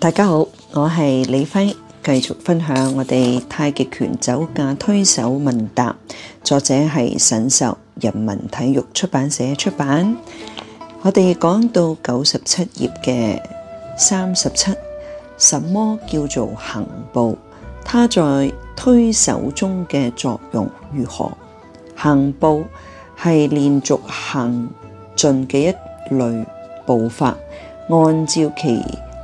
大家好，我係李輝，繼續分享我哋太極拳走架推手問答。作者係沈壽，人民體育出版社出版。我哋講到九十七頁嘅三十七，什麼叫做行步？它在推手中嘅作用如何？行步係連續行進嘅一類步法，按照其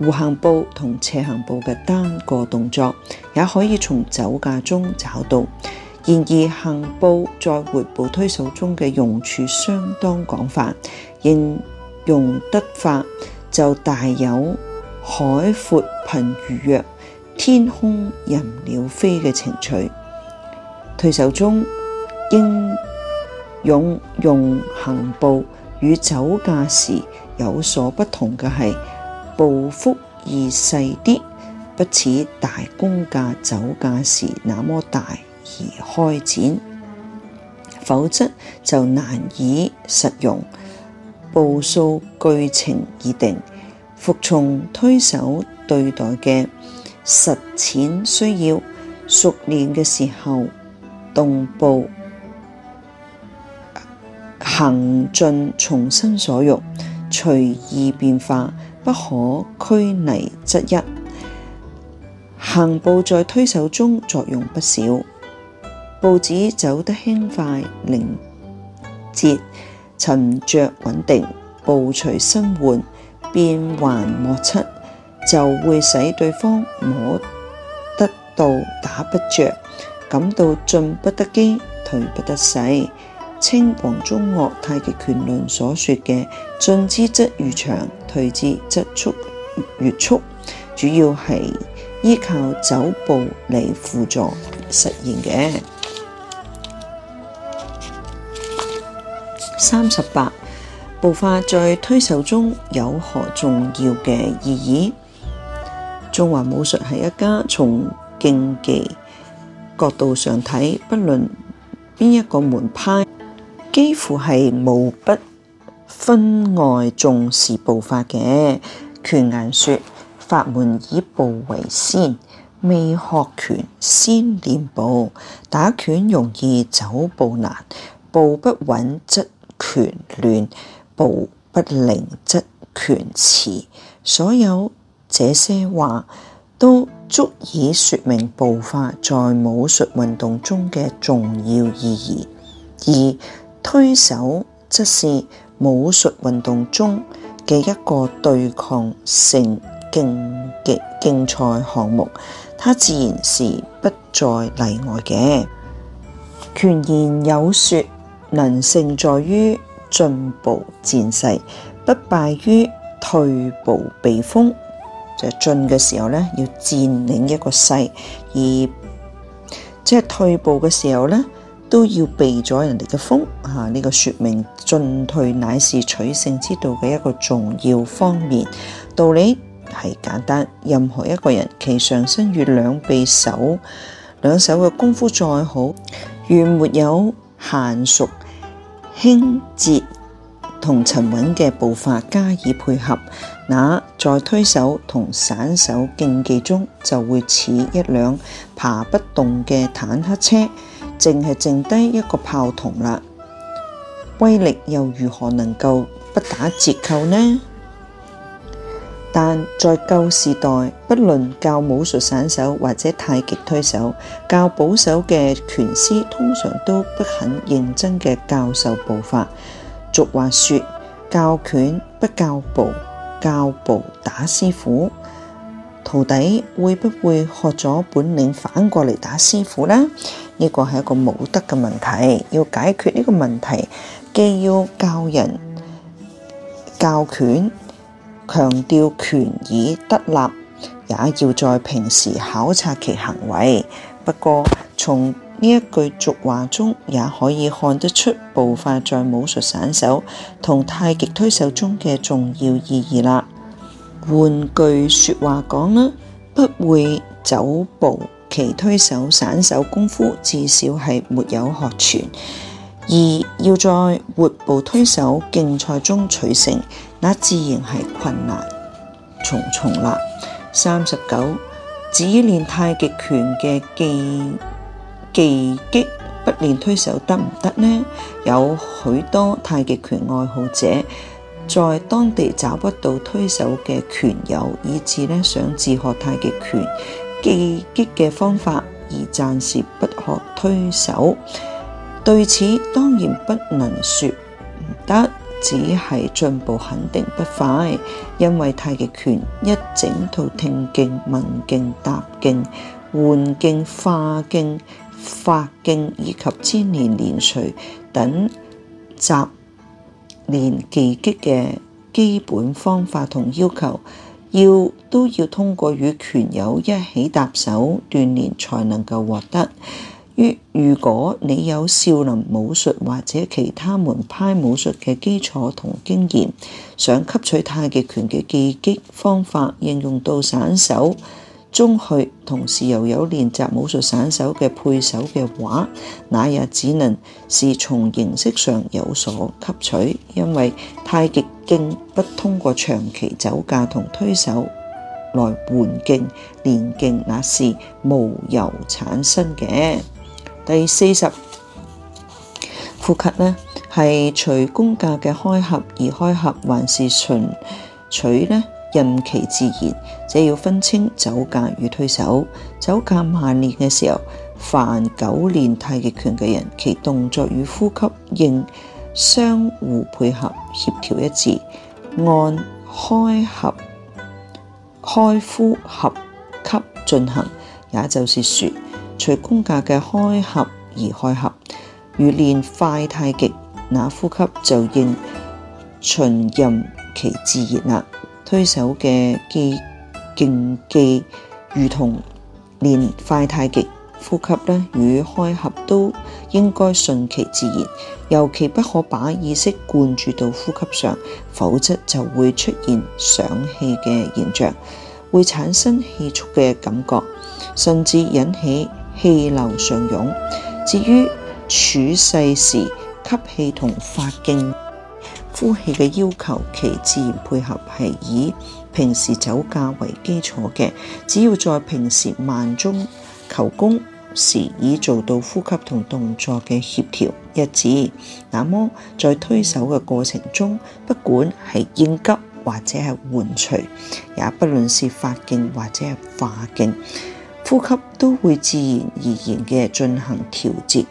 弧行步同斜行步嘅單個動作，也可以從走架中找到。然而行步在活步推手中嘅用處相當廣泛，應用得法就大有海闊憑魚躍、天空任鳥飛嘅情趣。推手中應用用行步與走架時有所不同嘅係。步幅而細啲，不似大功架走架時那麼大而開展，否則就難以實用。步數據情而定，服從推手對待嘅實踐需要，熟練嘅時候動步行進，從心所欲，隨意變化。不可拘泥則，則一行步在推手中作用不少。步子走得輕快靈捷，沉着穩定，步隨身換，變幻莫測，就會使對方摸得到打不着，感到進不得機，退不得勢。清王宗岳《太極拳論》所說嘅進之則如長。退之則速越，越速主要係依靠走步嚟輔助實現嘅。三十八步法在推手中有何重要嘅意義？中華武術係一家，從競技角度上睇，不論邊一個門派，幾乎係無不。分外重視步法嘅拳諺說，法門以步為先，未學拳先練步，打拳容易走步難，步不穩則拳亂，步不靈則拳遲。所有這些話都足以説明步法在武術運動中嘅重要意義。而推手則是。武術運動中嘅一個對抗性競技競賽項目，它自然是不再例外嘅。拳諺有說，能勝在於進步佔勢，不敗於退步避鋒。就進、是、嘅時候呢，要佔領一個勢；而即係、就是、退步嘅時候呢。都要避咗人哋嘅風吓，呢、啊呢個說明進退乃是取勝之道嘅一個重要方面。道理係簡單，任何一個人其上身與兩臂手兩手嘅功夫再好，如沒有嫻熟輕捷同沉穩嘅步伐加以配合，那在推手同散手競技中，就會似一輛爬不動嘅坦克車。淨係剩低一個炮筒啦，威力又如何能夠不打折扣呢？但在舊時代，不論教武術散手或者太極推手，教保守嘅拳師通常都不肯認真嘅教授步伐。俗話說，教拳不教步，教步打師傅。徒弟會不會學咗本領，反過嚟打師傅呢？呢個係一個冇德嘅問題。要解決呢個問題，既要教人教拳，強調拳以德立，也要在平時考察其行為。不過，從呢一句俗話中也可以看得出步法在武術散手同太極推手中嘅重要意義啦。換句說話講呢，不會走步，其推手、散手功夫，至少係沒有學全。而要在活步推手競賽中取勝，那自然係困難重重啦。三十九，只練太極拳嘅技，技技擊，不練推手得唔得呢？有許多太極拳愛好者，在當地找不到推手嘅拳友，以致呢想自學太極拳技擊嘅方法，而暫時不學推手。對此當然不能説唔得，只係進步肯定不快，因為太極拳一整套聽勁、問勁、答勁、換勁、化勁、發勁以及千年連隨等集。練技擊嘅基本方法同要求，要都要通過與拳友一起搭手鍛煉才能夠獲得。於，如果你有少林武術或者其他門派武術嘅基礎同經驗，想吸取太極拳嘅技擊方法應用到散手中去，同時又有練習武術散手嘅配手嘅話，那也只能是從形式上有所吸取，因為太極勁不通過長期走架同推手來換勁練勁，連那是無由產生嘅。第四十，呼吸呢，係隨功架嘅開合而開合，還是循取呢？任其自然，這要分清走架與推手。走架慢練嘅時候，凡久練太極拳嘅人，其動作與呼吸應相互配合、協調一致，按開合、開呼合吸進行。也就是說，隨功架嘅開合而開合。如練快太極，那呼吸就應循任其自然啦。推手嘅技勁技，如同練快太極，呼吸咧與開合都應該順其自然，尤其不可把意識灌註到呼吸上，否則就會出現上氣嘅現象，會產生氣促嘅感覺，甚至引起氣流上湧。至於處世時吸氣同發勁。呼氣嘅要求，其自然配合係以平時走架為基礎嘅。只要在平時慢中求功時已做到呼吸同動作嘅協調一致，那麼在推手嘅過程中，不管係應急或者係緩隨，也不論是發勁或者係化勁，呼吸都會自然而然嘅進行調節。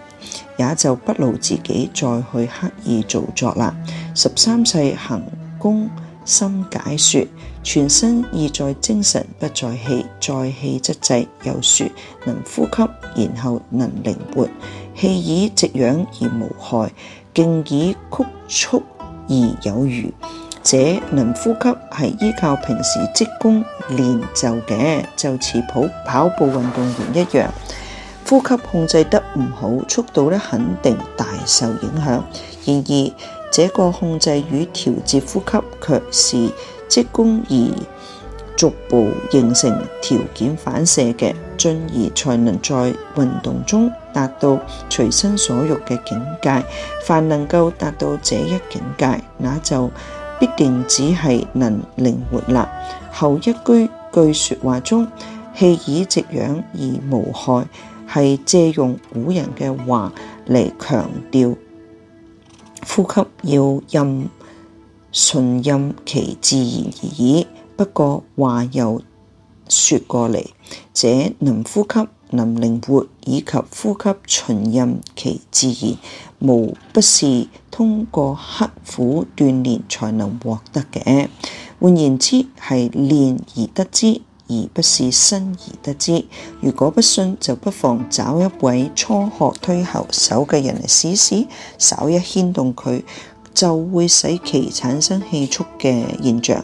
也就不勞自己再去刻意做作啦。十三勢行功心解說，全身意在精神，不在氣，在氣則滯。又說能呼吸，然後能靈活，氣以直養而無害，勁以曲蓄而有餘。這能呼吸係依靠平時積功練就嘅，就似跑跑步運動員一樣。呼吸控制得唔好，速度咧肯定大受影響。然而，這個控制與調節呼吸卻是積功而逐步形成條件反射嘅，進而才能在運動中達到隨心所欲嘅境界。凡能夠達到這一境界，那就必定只係能靈活啦。後一句句說話中，棄以直養而無害。係借用古人嘅話嚟強調呼吸要任順任其自然而已。不過話又說過嚟，這能呼吸、能靈、能靈活以及呼吸順任其自然，無不是通過刻苦鍛煉才能獲得嘅。換言之，係練而得之。而不是生而得知。如果不信，就不妨找一位初學推後手嘅人嚟試試，稍一牽動佢，就會使其產生氣促嘅現象。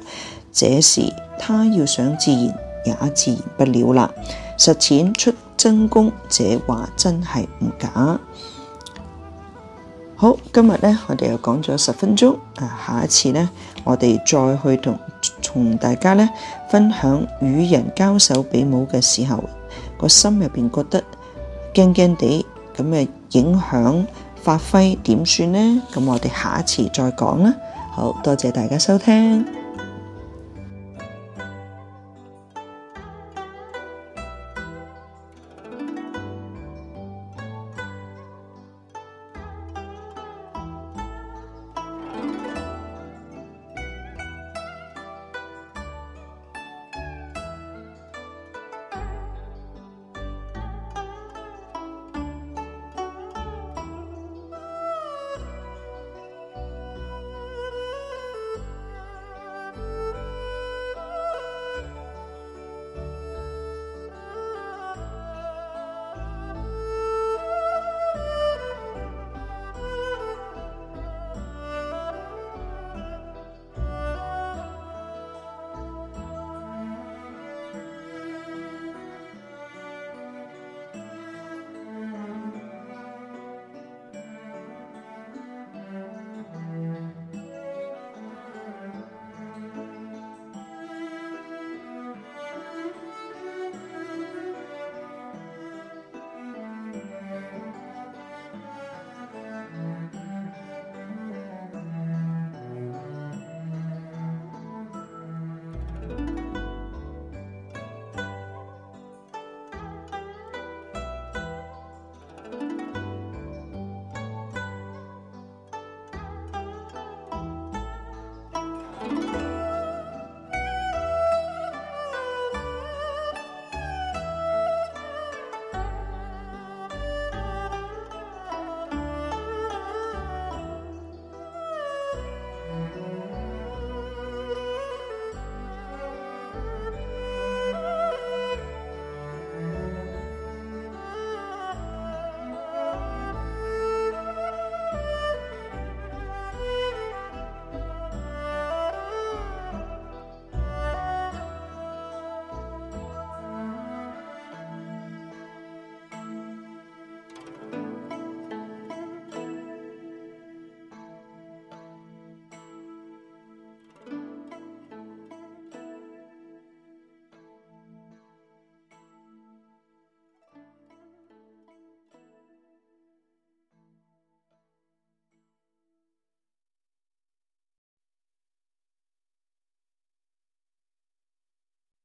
這時他要想自然，也自然不了啦。實踐出真功，這話真係唔假。好，今日呢，我哋又講咗十分鐘。啊，下一次呢，我哋再去同。同大家咧分享，與人交手比武嘅時候，個心入邊覺得驚驚地，咁啊影響發揮點算呢？咁我哋下一次再講啦。好多謝大家收聽。